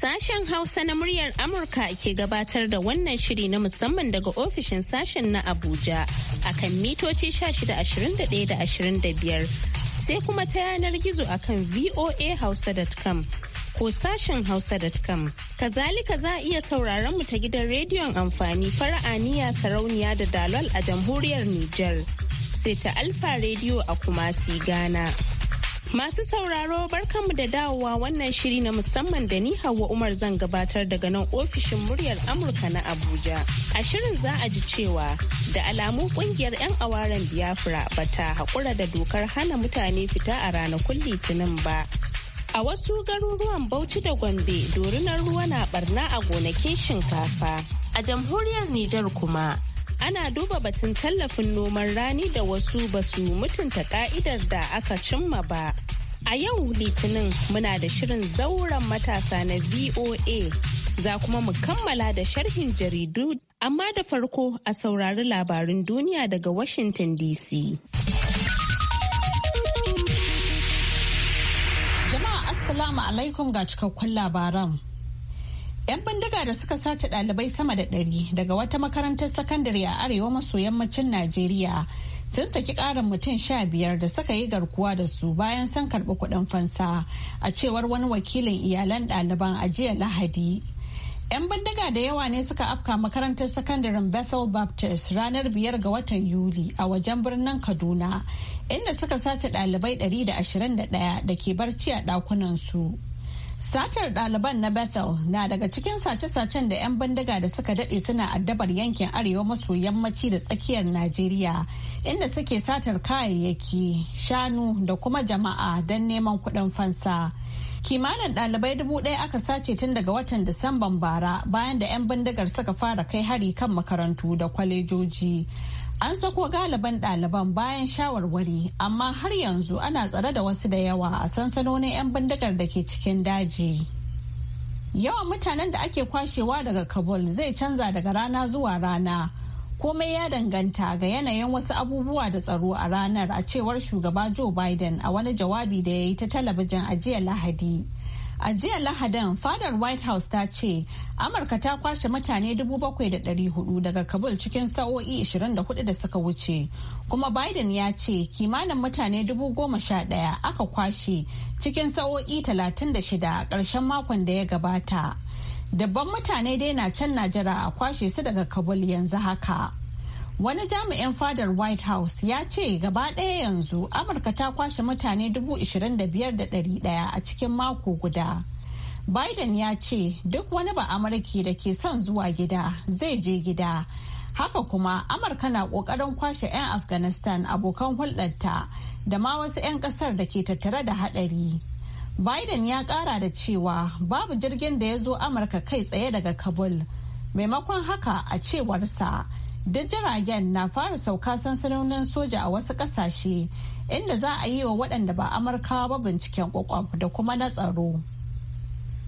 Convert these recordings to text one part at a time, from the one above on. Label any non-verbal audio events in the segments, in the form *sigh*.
Sashen Hausa na muryar Amurka ke gabatar da wannan shiri na musamman daga ofishin sashen na Abuja a kan mitoci 1621 da 25 sai kuma ta yanar gizo akan voahausa.com ko sashen hausa.com. Kazalika za a iya sauraron mu ta gidan rediyon amfani fara'aniya sarauniya da dalol a jamhuriyar Nijar sai ta Alfa rediyo a Kumasi Ghana. Masu sauraro barkanmu da dawowa wannan shiri na musamman da ni Hauwa Umar zan gabatar daga nan ofishin muryar Amurka na Abuja. A shirin za a ji cewa da alamu kungiyar 'yan awaren Biafra ba ta haƙura da dokar hana mutane fita a ranakun Litinin ba. A wasu garuruwan Bauchi da Gombe, dorinar ruwa na barna a gonakin shinkafa. A jamhuriyar Nijar kuma, ana duba batun tallafin noman rani da wasu basu mutunta ka'idar da aka cimma ba. A yau Litinin muna da shirin zauren matasa na VOA. Za kuma mu kammala da sharhin jaridu amma da farko a saurari labarin duniya daga Washington DC. Jama'a Assalamu alaikum ga cikakkun labaran. 'Yan bindiga da suka sace ɗalibai sama da ɗari daga wata makarantar sakandare a arewa maso yammacin Najeriya. sun saki ƙarin mutum sha biyar da suka yi garkuwa da su bayan san karɓi kuɗin fansa a cewar wani wakilin iyalan ɗaliban a jiya lahadi 'yan bindiga da yawa ne suka afka makarantar sakandaren bethel baptist ranar biyar ga watan yuli a wajen birnin kaduna inda suka sace ɗalibai 121 da ke barci a ɗakunansu. su Satar ɗaliban na Bethel na daga cikin sace-sacen da 'yan bindiga da suka daɗe suna addabar yankin arewa maso yammaci da tsakiyar Najeriya inda suke satar kayayyaki, shanu da kuma jama'a don neman kuɗin fansa. Kimanin ɗalibai dubu ɗaya aka sace tun daga watan Disamban bara bayan da 'yan bindigar suka fara kai hari kan makarantu da kwalejoji. An sako galiban ɗaliban bayan shawarwari, amma har yanzu ana tsare da wasu da yawa a sansanonin 'yan bindigar da ke cikin daji. Yawan mutanen da ake kwashewa daga Kabul zai canza daga rana zuwa rana. Komai ya danganta ga yanayin wasu abubuwa da tsaro a ranar a cewar shugaba Joe Biden a wani jawabi da ya yi ta talabijin a jiya Lahadi. A jiya Lahadan fadar White House ta ce Amurka ta kwashe mutane 7,400 daga Kabul cikin sa'o'i 24 da suka wuce. Kuma Biden ya ce kimanin mutane 11,000 aka kwashe cikin sa'o'i 36 a karshen makon da ya gabata. Dabban mutane dai na can Najera a kwashe su daga Kabul yanzu haka. Wani jami'in fadar White House ya ce gaba ɗaya yanzu Amurka ta kwashe mutane 25,100 a cikin mako guda. Biden ya ce duk wani ba Amurki da ke son zuwa gida zai je gida. Haka kuma Amurka na ƙoƙarin kwashe 'yan Afghanistan abokan hulɗarta da ma wasu 'yan ƙasar da ke tattare da haɗari. Biden ya ƙara da cewa babu jirgin da ya zo Amurka kai tsaye daga Kabul. Maimakon haka a cewarsa duk jiragen na fara sauka sansanonin soja a wasu kasashe inda za a yi wa waɗanda ba amurkawa ba binciken kwakwaf da kuma na tsaro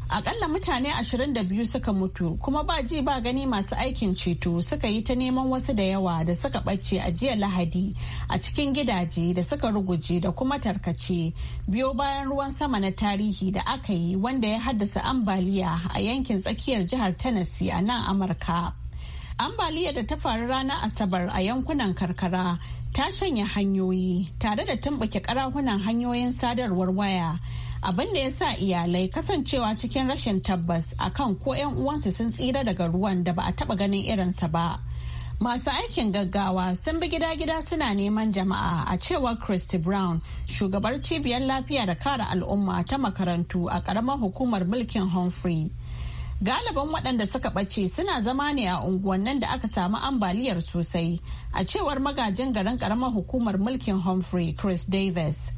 akalla mutane 22 suka mutu kuma ba ji ba gani masu aikin ceto suka yi ta neman wasu da yawa da suka ɓace a jiya lahadi a cikin gidaje da suka ruguje da kuma tarkace biyo bayan ruwan sama na tarihi da aka yi wanda ya haddasa ambaliya a yankin tsakiyar jihar tennessee a nan amurka ambaliyar da ta faru ranar Asabar a yankunan karkara ta shanya hanyoyi tare da tumbuke karahunan hanyoyin sadarwar waya. abin da ya sa iyalai kasancewa cikin rashin tabbas akan ko 'yan uwansu sun tsira daga ruwan da ba a taba ganin irinsa ba masu aikin gaggawa sun bi gida-gida suna neman jama'a a cewar christy brown shugabar cibiyar lafiya da kare al'umma ta makarantu a karamar hukumar mulkin humphrey Galiban waɗanda suka ɓace suna zama ne a unguwannin da aka samu ambaliyar sosai, a cewar magajin garin ƙaramar hukumar mulkin Humphrey Chris Davis.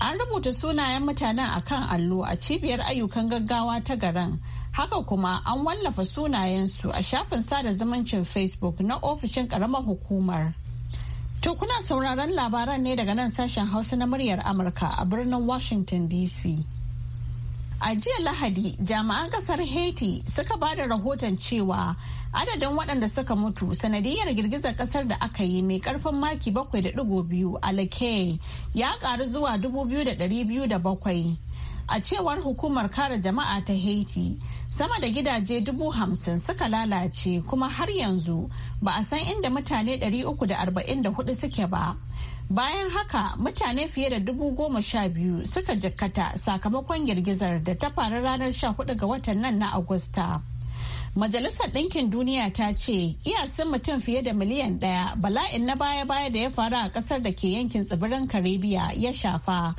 An rubuta sunayen mutanen a kan allo a cibiyar ayyukan gaggawa ta garin. Haka kuma an wallafa sunayensu a shafin sada zumuncin Facebook na ofishin ƙaramar hukumar. To kuna sauraron labaran ne daga nan sashen Hausa na muryar Amurka a birnin Washington DC. A jiya Lahadi, jami'an kasar Haiti suka ba da rahoton cewa adadin waɗanda suka mutu sanadiyar girgizar kasar da aka yi mai karfin maki 7.2 a Lake ya ƙaru zuwa 2,207. A cewar hukumar kare jama'a ta Haiti, sama da gidaje dubu hamsin suka lalace kuma har yanzu ba a san inda mutane 344 suke ba. bayan haka mutane fiye da dubu goma sha biyu suka jikkata sakamakon girgizar da ta faru ranar sha hudu ga watan nan na agusta majalisar ɗinkin duniya ta ce iyasin mutum fiye da miliyan ɗaya bala'in na baya-baya da ya faru a ƙasar da ke yankin tsibirin karibiya ya shafa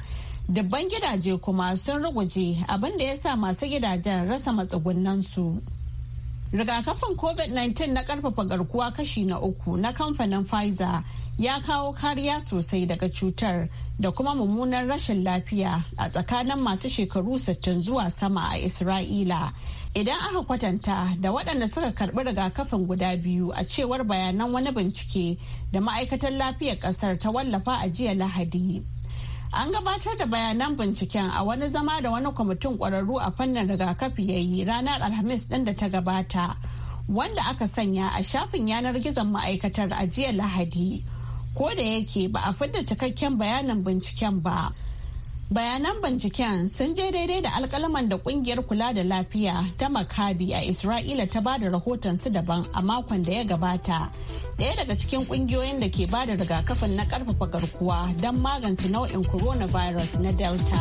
dubban gidaje kuma sun ruguje abinda ya sa masu gidajen rasa matsugunansu. su rigakafin covid-19 na karfafa garkuwa kashi na uku na kamfanin pfizer ya kawo kariya sosai daga cutar da kuma mummunan rashin lafiya a tsakanin masu shekaru 60 zuwa sama a isra'ila idan aka kwatanta da waɗanda suka karɓi rigakafin guda biyu a cewar bayanan wani bincike da ma'aikatar lafiyar ƙasar ta wallafa a jiya lahadi An gabatar da bayanan binciken a wani zama da wani kwamitin ƙwararru a fannin rigakafi ya yi ranar Alhamis ɗin da ta gabata, wanda aka sanya a shafin yanar gizon ma'aikatar ajiyar Lahadi. Ko da yake ba a fidda cikakken bayanin binciken ba. bayanan binciken sun je daidai da alkalaman da kungiyar kula da lafiya ta makabi a isra'ila ta bada rahoton su daban a makon da ya gabata daya daga cikin kungiyoyin da ke bada rigakafin na karfafa garkuwa don magance nau'in coronavirus na delta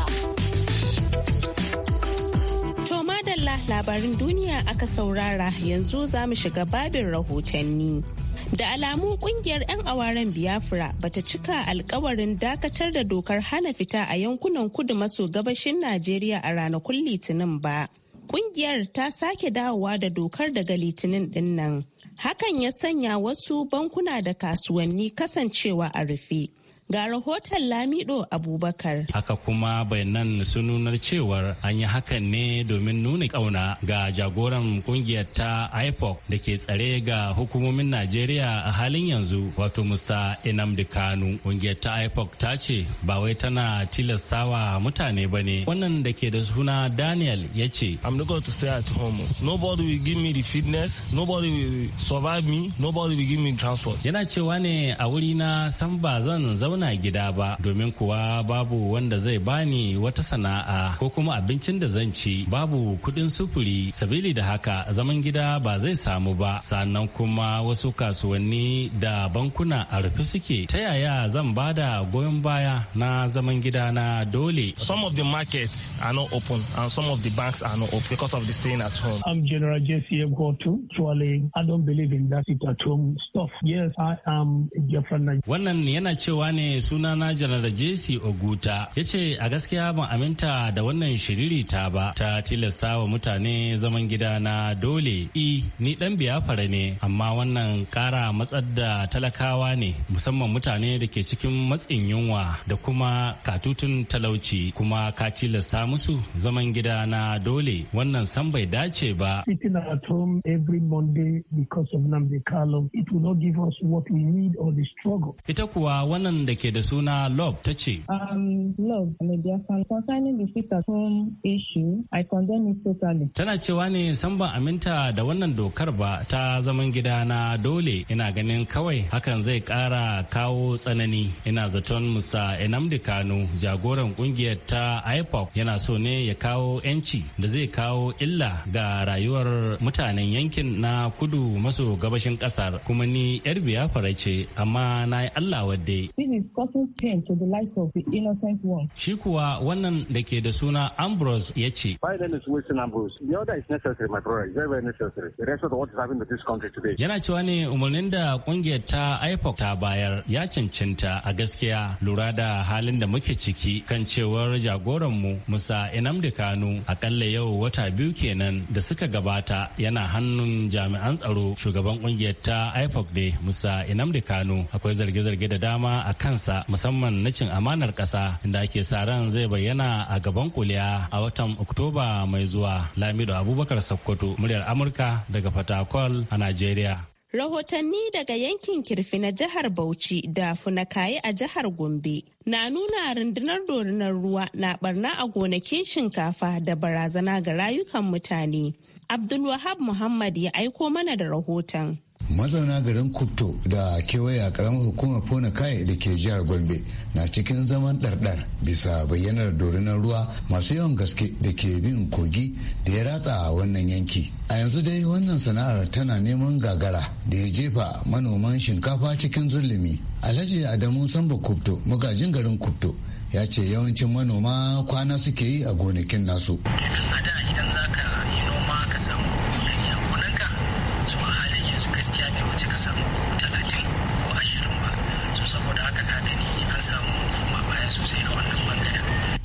to madalla labarin duniya aka saurara yanzu za mu shiga babin rahotanni Da alamu kungiyar 'yan awaren Biafra bata cika alkawarin dakatar da dokar hana fita a yankunan kudu maso gabashin Najeriya a ranakun Litinin ba. Kungiyar ta sake dawowa da dokar daga Litinin dinnan. Hakan ya sanya wasu bankuna da kasuwanni kasancewa a rufe. Ga rahoton Lamido Abubakar. Haka kuma bayanan sun nunar cewar an yi hakan ne domin nuna kauna ga jagoran kungiyar ta IPOC da ke tsare ga hukumomin Najeriya a halin yanzu wato Musa Enamdi Kanu. Kungiyar ta IPOC ta ce ba wai tana tilastawa mutane ba ne. Wannan da ke da suna Daniel ya ce. I'm not going to stay at home. Nobody will give me the fitness. Nobody will survive me. Nobody will give me transport. Yana cewa ne a wuri na san ba zan zauna zauna gida ba domin kuwa babu wanda zai bani wata sana'a ko kuma abincin da zan ci babu kuɗin sufuri sabili da haka zaman gida ba zai samu ba sannan kuma wasu kasuwanni da bankuna a rufe suke ta yaya zan ba da goyon baya na zaman gida na dole some of the markets are not open and some of the banks are not open because of the staying at home i'm general jcm gotu i don't believe in that it at home stuff yes i am different wannan yana cewa ne ne sunana janar jc oguta ya ce a gaskiya ban aminta da wannan shiriri ta ba ta tilasta wa mutane zaman gida na dole i ni dan biyafara ne amma wannan kara matsar da talakawa ne musamman mutane da ke cikin matsin yunwa da kuma katutun talauci kuma ka tilasta musu zaman gida na dole wannan san bai dace ba Ita kuwa wannan da da ke da suna Love ta ce. Um, Tana cewa ne san ba aminta da wannan dokar ba ta zaman gida na dole ina ganin kawai hakan zai kara kawo tsanani. Ina zaton Musa Enamdi Kano jagoran kungiyar ta IPOP yana so ne ya kawo 'yanci da zai kawo illa ga rayuwar mutanen yankin na kudu maso gabashin kasar kuma ni yar biya fara ce amma na yi Allah wadde. Shi kuwa wannan da ke da suna Ambrose ya ce. My Yana cewa ne umarnin da kungiyar ta IPOC ta bayar ya cancanta a gaskiya lura da halin da muke ciki kan cewar jagoranmu Musa Inamdi Kanu akalla yau wata biyu kenan da suka gabata yana hannun jami'an tsaro shugaban kungiyar ta IPOC ne Musa Inamdi Kanu akwai zarge-zarge da dama akan kansa musamman na cin amanar kasa inda ake sa ran zai bayyana a gaban kuliya a watan Oktoba mai zuwa. Lamido Abubakar Sokoto muryar Amurka daga Fatakwal a nigeria. Rahotanni daga yankin kirfi na jihar Bauchi da funakayi a jihar Gombe na nuna rundunar dorinar ruwa na barna a gonakin shinkafa da barazana ga rayukan mutane. Abdulwahab Muhammad ya aiko mana da rahoton. mazauna garin kupto da kewaya karamar hukumar fona kai da ke jihar gombe na cikin zaman ɗarɗar bisa bayyanar dorinan ruwa masu yawan gaske da ke bin kogi da ya ratsa a wannan yanki a yanzu dai wannan sana'ar tana neman gagara da ya jefa manoman shinkafa cikin zulumi alhaji adamu samba kupto magajin garin kupto ya ce yawancin manoma kwana suke yi a gonakin nasu idan za ka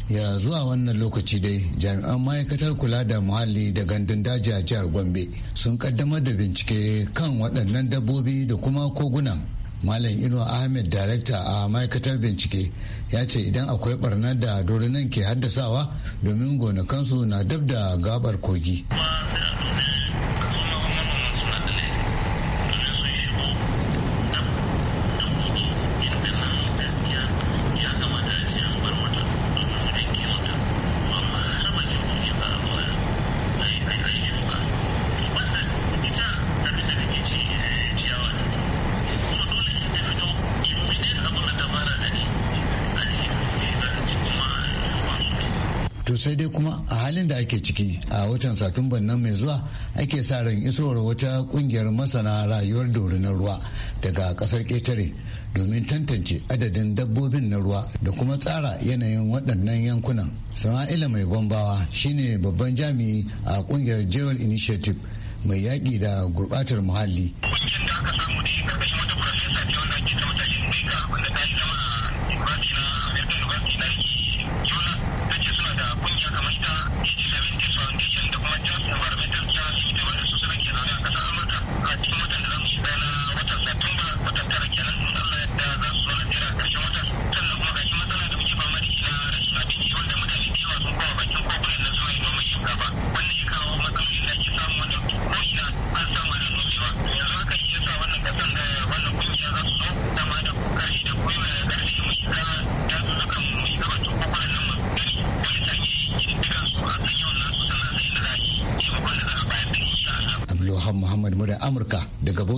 ya zuwa wannan lokaci dai jami'an ma'aikatar kula da muhalli da gandun daji a jihar gombe sun kaddamar da bincike kan waɗannan dabbobi da kuma kogunan malam ino ahmed darekta a ma'aikatar bincike ya ce idan akwai barnar da dorinan ke haddasawa domin gonakansu na dab da gabar kogi to sai dai kuma a halin da ake ciki a watan satumban nan mai zuwa ake sa ran isowar wata kungiyar masana rayuwar dorinar ruwa daga kasar ketare domin tantance adadin dabbobin na ruwa da kuma tsara yanayin waɗannan yankunan sama'ila mai gwambawa shine babban jami'i a kungiyar jewel initiative mai yaƙi da gurɓatar muhalli.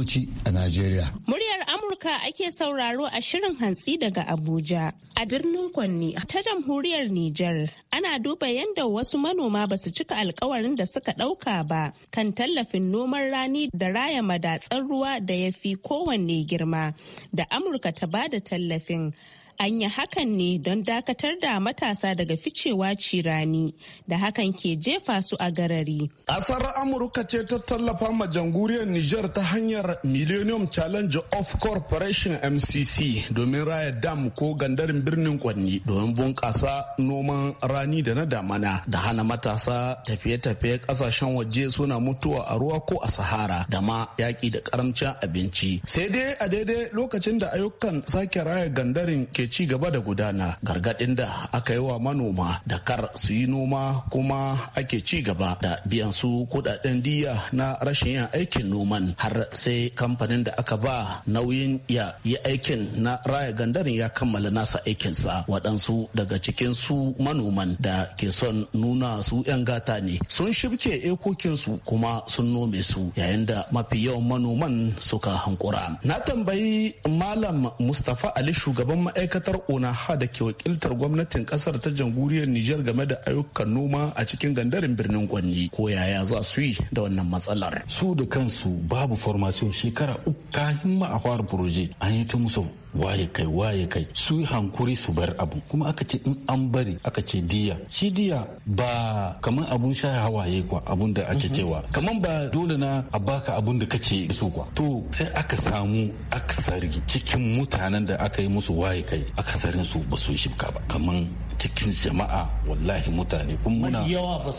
Bauchi a Najeriya. Muryar Amurka ake sauraro a shirin hantsi daga Abuja. A birnin Kwanni ta jamhuriyar Nijar ana duba yadda wasu manoma ba su cika alkawarin da suka ɗauka ba kan tallafin noman rani da raya madatsar ruwa da ya fi kowanne girma da Amurka ta ba da tallafin. An yi hakan ne don dakatar da matasa daga ficewa cirani da hakan ke jefa su a garari. Ƙasar Amurka ce ta tallafa ma jamhuriyar Nijar ta hanyar Millennium Challenge of Corporation MCC domin raya dam ko gandarin birnin Kwanni domin bunƙasa noman rani da na damana da hana matasa tafiye-tafiye ƙasashen waje suna mutuwa a ruwa ko a sahara da ma yaƙi da ƙaramcin abinci. Sai dai a daidai lokacin da ayyukan sake raya gandarin ke ci gaba da gudana gargaɗin da aka yi wa manoma da kar su yi noma kuma ake ci gaba da biyan su kudaden diya na rashin yin aikin noman har sai kamfanin da aka ba nauyin ya yi aikin na raya gandarin ya kammala nasa aikinsa waɗansu daga cikin su manoman da ke son nuna su 'yan gata ne sun shibke ekokinsu kuma sun nome su yayin da mafi yawan manoman suka hankura na tambayi malam mustapha ali shugaban ma'aikatar ma'aikatar onaha da ke wakiltar gwamnatin kasar ta jamhuriyar nijar game da ayyukan noma a cikin gandarin birnin kwanni ko yaya za su yi da wannan matsalar su da kansu babu formation shekara uku kahin ma a fara proje an yi ta musu waye kai waye kai su hankuri su bar abu kuma aka ce in an bari aka ce diya shi diya ba kaman abun sha hawaye kwa abun da ake mhm. cewa kaman ba dole na a baka abun da kace su kwa to sai aka samu aksari cikin mutanen da aka yi musu waye kai aka sarin su ba su shibka ba kaman cikin jama'a wallahi mutane kun muna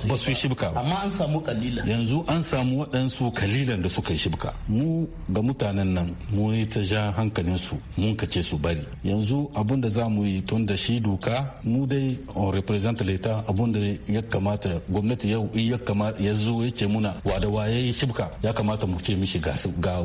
ba su yi shibka ba amma an samu kalilan yanzu an samu waɗansu kalilan da suka yi shibka mu ga mutanen nan mu yi ta ja hankalin su mun kace su bari yanzu abun da za mu yi tun da shi doka mu dai on represent leta abun da ya kamata gwamnati yau in ya kamata ya zo ya ce muna da waye shibka ya kamata mu ce mishi ga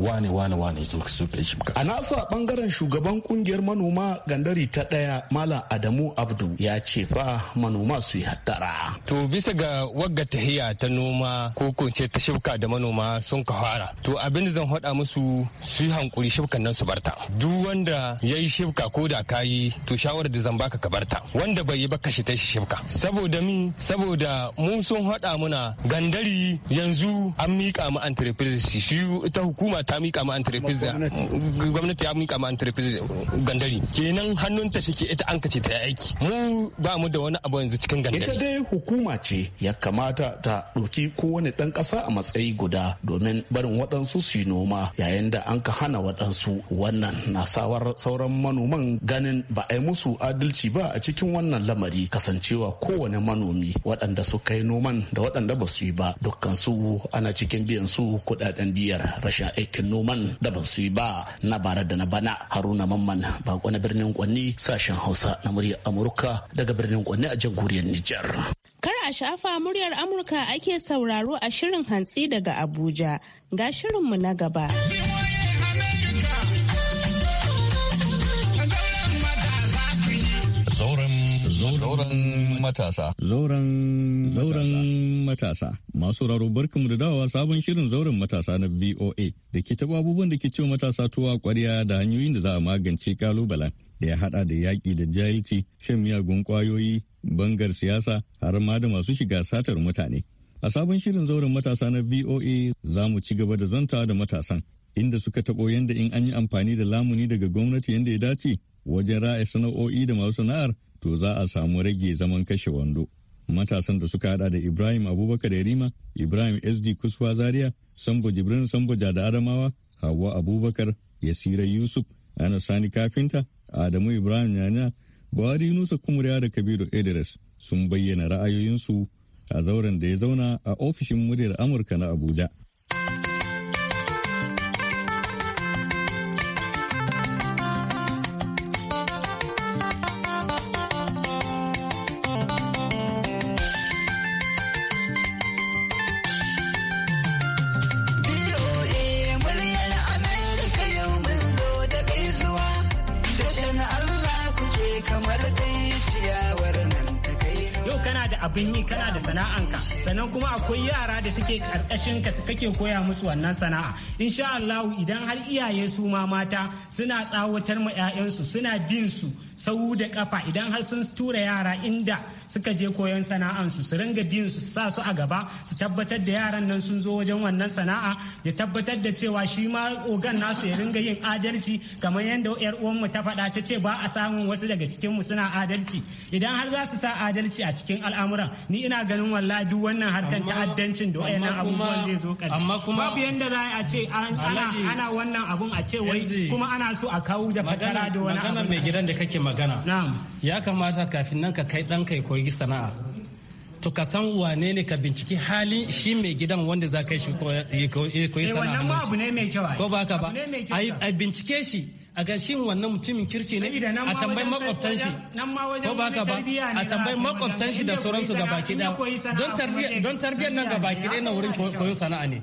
wane wane wane su suke shibka a nasa bangaren shugaban kungiyar manoma gandari ta daya malam adamu abdu ya ce fa manoma su yi hattara. To bisa ga wagga tahiya ta noma ko kunce ta shibka da manoma sun ka fara. To abin da zan faɗa musu su yi hankuri shibkan nan su barta. Duk wanda ya yi shibka ko da ka yi to shawarar da zan baka ka barta. Wanda bai yi ba ka shi ta shi shibka. Saboda mi saboda mu sun faɗa muna gandari yanzu an miƙa mu entreprise shi ita hukuma ta miƙa mu entreprise gwamnati ya miƙa mu entreprise gandari kenan hannunta shi ke ita an kace ta aiki mu ba mu da wani abu yanzu cikin gangare ita dai hukuma ce ya kamata ta ɗauki kowane ɗan ƙasa a matsayi guda domin barin waɗansu su yi noma yayin da an ka hana waɗansu wannan na sawar sauran manoman ganin ba a yi musu adalci ba a cikin wannan lamari kasancewa kowane manomi waɗanda suka yi noman da waɗanda ba su yi ba dukkansu ana cikin biyan su kuɗaɗen biyar rashin aikin noman da ba su yi ba na bara da na bana haruna mamman ba na birnin kwanni sashen hausa na murya amurka da daga birnin Kwanne a jamhuriyar Nijar. Kar a shafa muryar Amurka ake sauraro a shirin hantsi daga Abuja. Ga shirinmu na gaba. Zauren matasa. Zauren matasa. Masu raro barkanmu da dawowa sabon shirin zauren matasa na voa da ke taɓa abubuwan da ke ciwo matasa tuwa kwariya da hanyoyin da za a magance kalubalen. da ya hada da yaƙi da jahilci shan miyagun ƙwayoyi bangar siyasa har ma da masu shiga satar mutane a sabon shirin zauren matasa na voa za mu ci gaba da zanta da matasan inda suka taɓo yadda in an yi amfani da lamuni daga gwamnati yadda ya dace wajen ra'a sana'o'i da masu sana'ar to za a samu rage zaman kashe wando matasan da suka hada da ibrahim abubakar yarima ibrahim sd kuswa zaria sambo jibrin sambo da adamawa hawa abubakar yasira yusuf ana sani kafinta Adamu Ibrahim Yanya, Buhari Nusa Kumuriya da Kabiru Idris sun bayyana ra'ayoyinsu a zauren da ya zauna a ofishin muryar Amurka na Abuja. 'ya'yanka kake koya musu wannan sana'a insha Allah idan har iyaye su ma mata suna tsawatar ma 'ya'yansu suna bin su sau da kafa idan har sun tura yara inda suka je koyon sana'ansu su ringa bin su sa su a gaba su tabbatar da yaran nan sun zo wajen wannan sana'a ya tabbatar da cewa shi ma ogan nasu ya ringa yin adalci kamar yadda yar uwanmu ta faɗa ta ce ba a samun wasu daga cikin mu suna adalci idan har za su sa adalci a cikin al'amuran ni ina ganin walla duk wannan harkan ta'addancin da wayannan abubuwan zai zo ƙarshe babu yanda za a ce ana wannan abun a ce wai kuma ana so a kawo da fatara da wani abu magana ya kamata kafin nan ka kai ɗan kai koyi sana'a to ka san wane ne ka binciki hali shi mai gidan wanda za ka yi koyi eh, sana'a wannan abu ne mai kyau ko ba ka ba a bincike shi a ga shin wannan mutumin kirki ne a tambayi makwabtan shi ko ba ka ba a tambayi makwabtan shi da sauransu ga baki daya don tarbiyyar nan ga baki daya na wurin koyon sana'a ne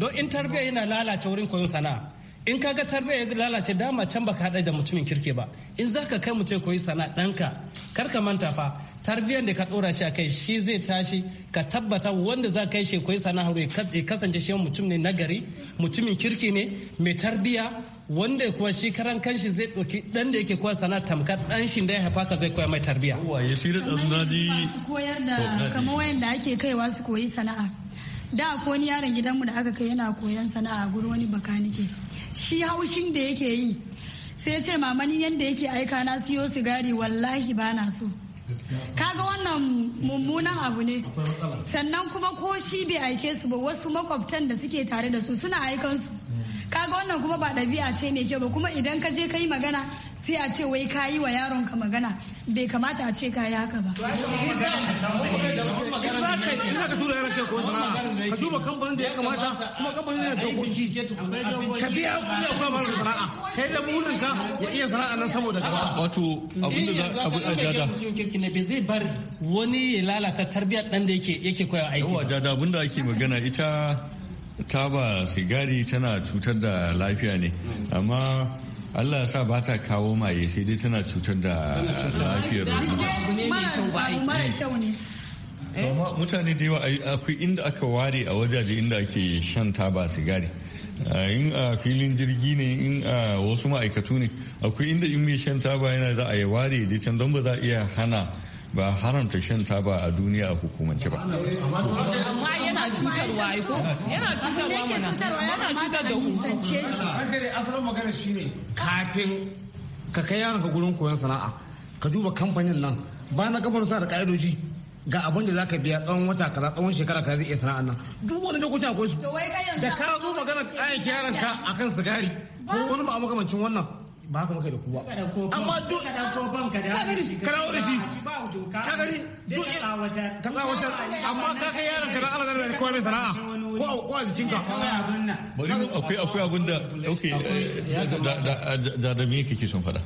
don in tarbiyya yana lalace wurin koyon sana'a in ka ga tarbiyya ya lalace dama can baka haɗa da mutumin kirki ba in za ka kai mutum koyi sana ɗanka kar ka manta fa tarbiyyar da ka ɗora shi a kai shi zai tashi ka tabbata wanda za ka yi shi koyi sana haru ya kasance shi mutum ne nagari mutumin kirki ne mai tarbiyya wanda kuwa shi karan kanshi zai ɗauki ɗan da yake koya sana tamkar ɗan shi da ya haifa ka zai koya mai tarbiyya. Waye shi da ɗan daji. koyar da kamar wayanda ake kaiwa su koyi sana'a. Da ko wani yaron gidanmu da aka kai yana koyan sana'a a gurin wani bakanike. shi haushin da yake yi sai ce mamani yadda yake aika na siyo sigari wallahi ba na so kaga wannan mummunan abu ne sannan kuma ko shi bai aike su ba wasu makwabtan da suke tare da su suna aikansu kaga wannan kuma ba ɗabi'a ce mai kyau ba kuma idan ka je ka yi magana sai a ce wai ka yi wa yaron ka magana bai kamata a ce ka yi haka ba. ya kamata kuma dokoki ka biya Wato abin da za a wani ya lalata tarbiyyar ɗan da yake koya aiki. Yawa dada abin ake magana ita taba sigari tana cutar da lafiya ne amma Allah ya sa ba ta kawo maye sai dai tana cutar da lafiyar eh? amma mutane da yawa akwai inda aka ware a wajaje inda ake shan taba sigari eh, in a filin jirgi ne in a wasu ma'aikatu ne akwai inda in mai shan taba yana za a yi ware dai can don ba za a iya hana ba haramta shan taba a duniya a hukumance ba. Amma yana cutarwa ai ko? Yana cutarwa mana. Yana cutar da hukumance. Asalin magana ne kafin ka kai yaron ka gurin koyon sana'a ka duba kamfanin nan ba na kafar sa da ka'idoji ga abin da za ka biya tsawon wata kaza tsawon shekara kaza zai iya sana'an nan duk wani lokuta akwai su da ka zo magana ayyukan yaron ka akan sigari ko wani ba a makamancin wannan ba haka muka da kowa amma duk ka da dawo da shi ka gani duk ka tsawatar amma ka kai yaron ka da Allah da kowa mai sana'a ko ko a jikin ka bari akwai akwai abin da okay eh, da da me kike son fada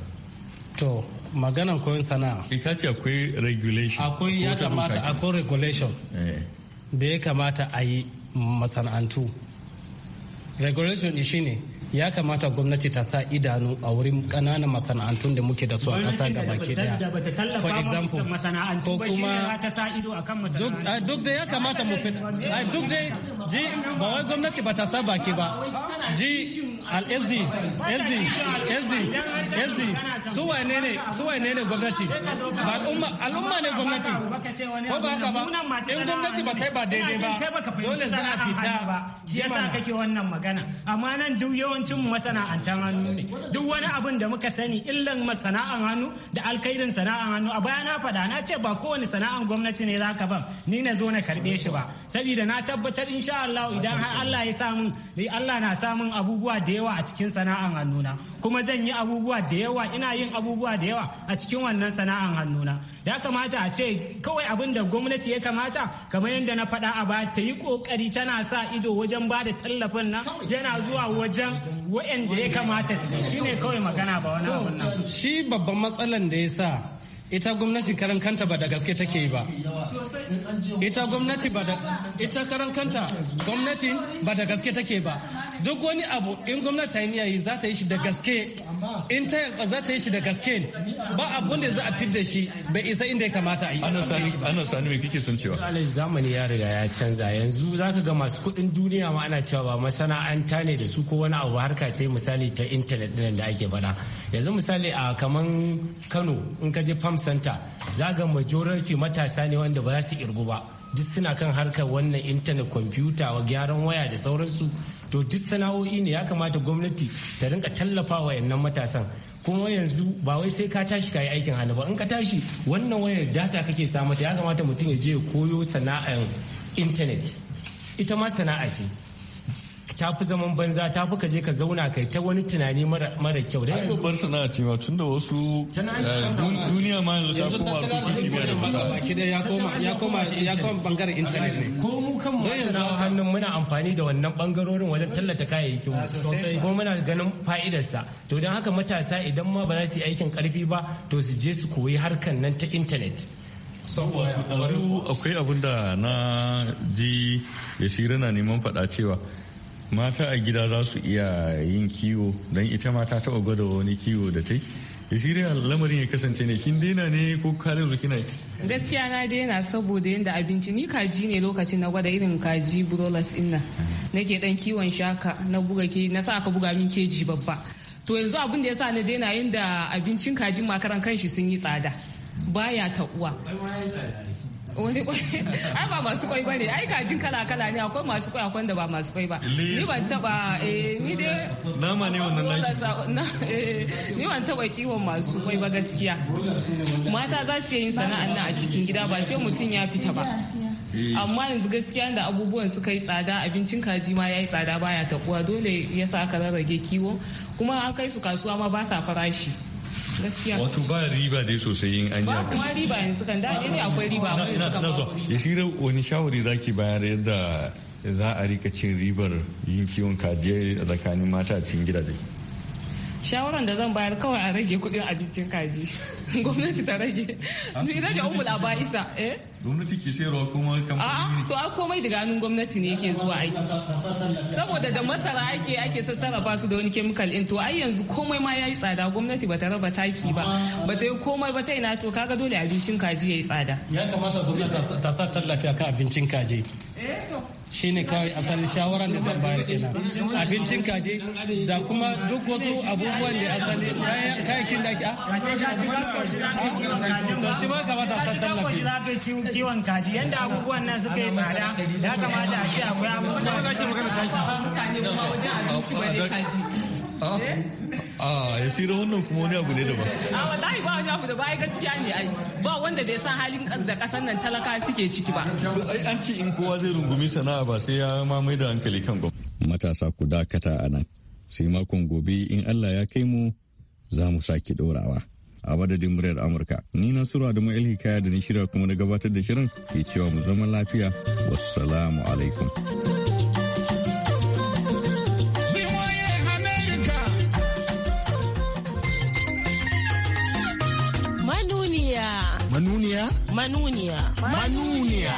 to maganan koyon sana'a eh, ka ce akwai regulation akwai ya kamata akwai regulation eh. da ya kamata a yi masana'antu regulation shi ne ya kamata gwamnati ta sa idanu a wurin kananan masana'antun da muke da su a ƙasa baki daya for example ko kuma duk da ya kamata mu fita duk da ji ba wai gwamnati ba ta sa baki ba ji al sd sd sd sd su wane ne su wane ne gwamnati ba al'umma al'umma ne gwamnati ko ba haka ba in gwamnati ba kai ba daidai ba dole za a fita shi yasa kake wannan magana amma nan duk yawancin masana'antar hannu ne duk wani abin da muka sani illan masana'an hannu da alkairin sana'an hannu a baya na faɗa na ce ba kowane sana'an gwamnati ne zaka ban ni na zo na karɓe shi ba saboda na tabbatar insha Allah idan har Allah ya samu Allah na samun abubuwa da yawa a cikin sana'an hannuna kuma zan yi abubuwa da yawa ina yin abubuwa da yawa a cikin wannan sana'an hannuna ya kamata a ce kawai abin da gwamnati ya kamata kamar yadda na faɗa a baya ta yi kokari tana sa ido wajen ba da tallafin nan yana zuwa wajen wa'anda ya kamata su shi ne kawai magana ba wani abun nan shi babban matsalan da ya sa ita gwamnati karan kanta ba da gaske take yi ba ita gwamnati ba da ita karan kanta gwamnati ba da gaske take ba duk wani abu in gwamnati ta yi za ta yi shi da gaske in ta yanka za ta yi shi da gaske ba abun da za a fidda shi bai isa inda ya kamata a yi ana sani me kike son cewa alai zamani ya riga ya canza yanzu zaka ga masu kuɗin duniya ma ana cewa ba masana'anta ne da su ko wani abu harka ce misali ta intanet din da ake bana yanzu misali a kaman Kano in ka je farm center za ga majority matasa ne wanda ba za su irgu ba duk suna kan harkar wannan intanet kwamfuta wa gyaran waya da sauransu to duk sana'o'i ne ya kamata gwamnati ta rinka tallafa wa yannan matasan kuma yanzu ba wai sai ka tashi ka yi aikin hannu ba in ka tashi wannan wayar data kake samu ta ya kamata mutum ya je ya koyo sana'ar intanet ita ma sana'a ce ta fi zaman banza ta fi ka je ka zauna kai ta wani tunani mara kyau da yanzu bar sana'a ce ma da wasu eh, duniya ma yanzu ta koma ko kimiyya da fasaha ya koma ya koma ya koma bangaren internet ne ko mu kan masana hannun muna amfani da wannan bangarorin wajen tallata kayayyakin mu ah, ko muna ganin fa'idar sa to don haka matasa idan ma ba za su yi aikin karfi ba to su je su koyi harkan nan ta internet saboda akwai abin da na ji ya shirina neman faɗa cewa mata a gida za su iya yin kiwo don ita ma ta taɓa gwada wani kiwo da ta yi da lamarin ya kasance ne kin daina ne ko karin kina gaskiya na daina saboda yadda abinci ni kaji ne lokacin na gwada irin kaji brolas inna nake dan kiwon shaka na buga ke na sa aka buga min keji babba to yanzu abin da ya sa na daina yadda abincin kajin makaran kanshi sun yi tsada baya ta uwa wani kwai ai ba masu kwai bane ai kajin kala kala ne akwai masu kwai akwai da ba masu kwai ba ni ban taba eh ni dai nama ne wannan eh ni ban taba kiwon masu kwai ba gaskiya mata za su yin sana'an nan a cikin gida ba sai mutum ya fita ba eh. amma yanzu gaskiya da abubuwan suka yi tsada abincin kaji ma yayi tsada baya takuwa dole ya sa aka rarrage kiwo kuma an kai su kasuwa ma ba sa farashi wato ba riba dai sosai yin an ba kuma riba yanzu kan da ne akwai riba amma yanzu kan ba ya shira wani shawari zaki bayar yadda za a rika cin ribar yin kiwon kaji a tsakanin mata a cikin gidaje shawaran da zan bayar kawai a rage kudin abincin kaji *laughs* gwamnati ta rage ni rage umul abaisa eh gwamnati ke sayarwa kuma kamfani to a komai daga hannun gwamnati ne yake zuwa aiki saboda da masara ake ake sarrafa su da wani kemikal in to ai yanzu komai ma yayi tsada gwamnati bata raba taki ba bata yi komai ba ta ina to kaga dole abincin kaji yayi tsada ya kamata gwamnati ta sa tallafi akan abincin kaji eh to shine kawai asalin shawaran da zan bayar kenan abincin kaji da kuma duk wasu abubuwan da asali kayakin da a ah, to shi ma kamata a san tallafi za ka ci kiwon kaji yanda abubuwan nan suka yi tsada ya kamata a ce akwai abubuwan da ake magana kaji mutane kuma wajen abinci ba kaji ah, ah. Eh? a ya sira wannan kuma wani abu ne daban a wallahi ba wani abu da bai gaskiya ne ai ba wanda bai san halin da kasan nan talaka suke ciki ba ai an ce in kowa zai rungumi sana'a ba sai ya mamaye da hankali kan gwamnati matasa ku dakata a nan sai makon gobe in Allah ya kai mu za mu sake dorawa. A madadin muryar Amurka, ni na surwa da Ma'il Hikaya da ni shirya kuma na gabatar da shirin ke cewa mu zama lafiya. Wassalamu alaikum. Manuniya? Manuniya. Manuniya.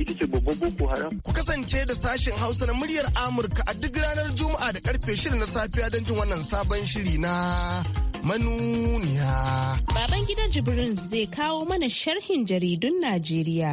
ita ce babban boko haram. Ku kasance da sashen Hausa na muryar Amurka a duk ranar Juma'a da karfe shirin na safiya don jin wannan sabon shiri na manuniya. Baban gidan Jibrin zai kawo mana sharhin jaridun Najeriya.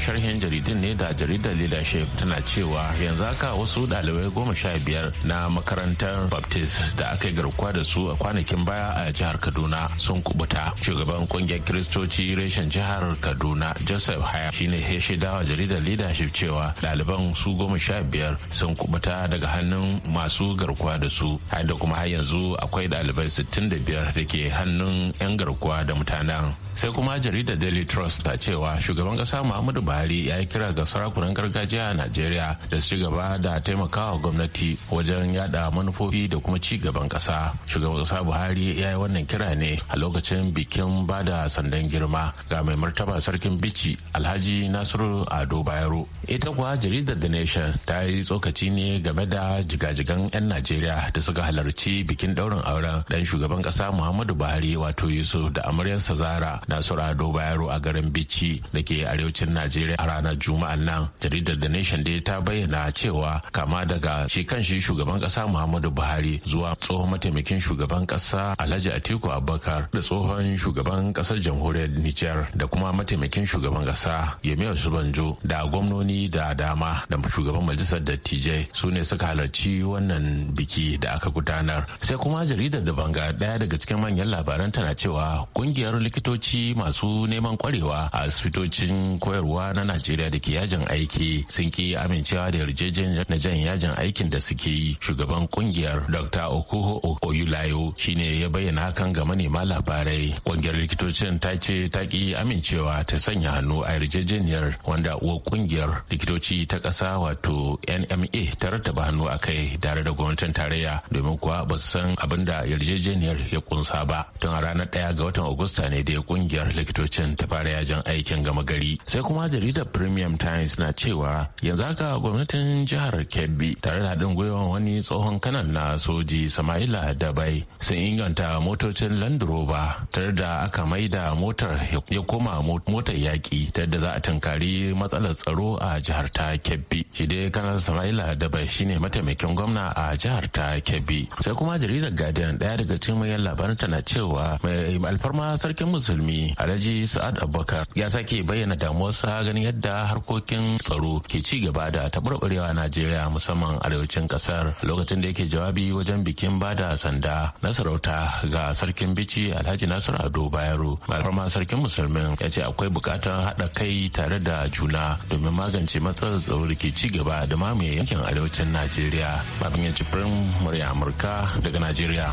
sharhin jaridun ne da jaridar leadership tana cewa yanzu haka wasu ɗalibai goma sha biyar na makarantar baptist da aka yi garkuwa da su a kwanakin baya a jihar kaduna sun kubuta shugaban kungiyar kiristoci reshen jihar kaduna joseph haya shine ya shaidawa jaridar leadership cewa ɗaliban su goma sha biyar sun kubuta daga hannun masu garkuwa da su har da kuma har yanzu akwai ɗalibai sittin da biyar ke hannun 'yan garkuwa da mutanen sai kuma jaridar daily trust ta cewa shugaban ƙasa muhammadu Buhari ya yi kira ga sarakunan gargajiya a Najeriya da su ci gaba da taimakawa gwamnati wajen yada manufofi da kuma ci gaban kasa shugaban kasa buhari ya yi wannan kira ne a lokacin bikin bada sandan girma ga mai martaba sarkin bici alhaji nasiru ado bayero ita kuwa jaridar the nation ta yi tsokaci ne game da jigajigan 'yan najeriya da suka halarci bikin daurin auren dan shugaban kasa muhammadu buhari wato yusuf da amaryarsa zara nasiru ado bayero a garin bici da ke arewacin najeriya a ranar juma'an nan jaridar the nation dai ta bayyana cewa kama daga shi kan shi shugaban kasa Muhammadu Buhari zuwa tsohon mataimakin shugaban kasa Alhaji Atiku Abubakar da tsohon shugaban kasar jamhuriyar Nijar da kuma mataimakin shugaban kasa Yemi Osinbajo da gwamnoni da dama da shugaban majalisar dattijai su ne suka halarci wannan biki da aka gudanar sai kuma jaridar da banga daya daga cikin manyan labaran tana cewa kungiyar likitoci masu neman kwarewa a asibitocin koyarwa na Najeriya da ke yajin aiki sun ki amincewa da yarjejeniyar na jan yajin aikin da suke yi shugaban kungiyar dr okoho oyulayo shine ya bayyana hakan ga manema labarai kungiyar likitocin ta ce ta ki amincewa ta sanya hannu a yarjejeniyar wanda uwa kungiyar likitoci ta kasa wato nma ta rattaba hannu a kai tare da gwamnatin tarayya domin kuwa ba su san abin da yarjejeniyar ya kunsa ba tun a ranar ɗaya ga watan agusta ne da kungiyar likitocin ta fara yajin aikin gama gari sai kuma jaridar premium times na cewa yanzu haka gwamnatin jihar kebbi tare da haɗin gwiwa taimakon wani tsohon kanan na soji Sama'ila Dabai sun inganta motocin Land Rover tare da aka maida motar ya koma motar yaƙi ta yadda za a tunkari matsalar tsaro a jihar ta Kebbi. Shi dai kanan Sama'ila Dabai shine mataimakin gwamna a jihar ta Kebbi. Sai kuma jaridar Guardian daya daga cikin manyan labaran tana cewa mai alfarma sarkin musulmi Alhaji Sa'ad Abubakar ya sake bayyana damuwarsa ganin yadda harkokin tsaro ke ci gaba da taɓarɓarewa Najeriya musamman arewacin ƙasar. kasar lokacin da yake jawabi wajen bikin bada sanda na sarauta ga sarkin bici alhaji nasir ado bayero alfarma sarkin musulmin ya ce akwai bukatar haɗa kai tare da juna domin magance matsalar tsaro da ke ci gaba da mamaye yankin arewacin najeriya babin yanci firin murya amurka daga najeriya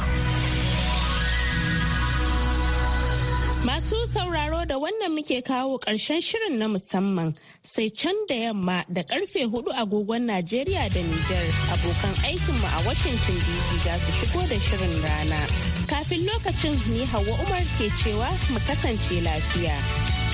masu sauraro da wannan muke kawo ƙarshen shirin na musamman sai can da yamma da karfe hudu agogon Najeriya da Nijar abokan aikinmu a Washington DC za su shigo da shirin rana. Kafin lokacin ni Hauwa Umar ke cewa mu kasance lafiya.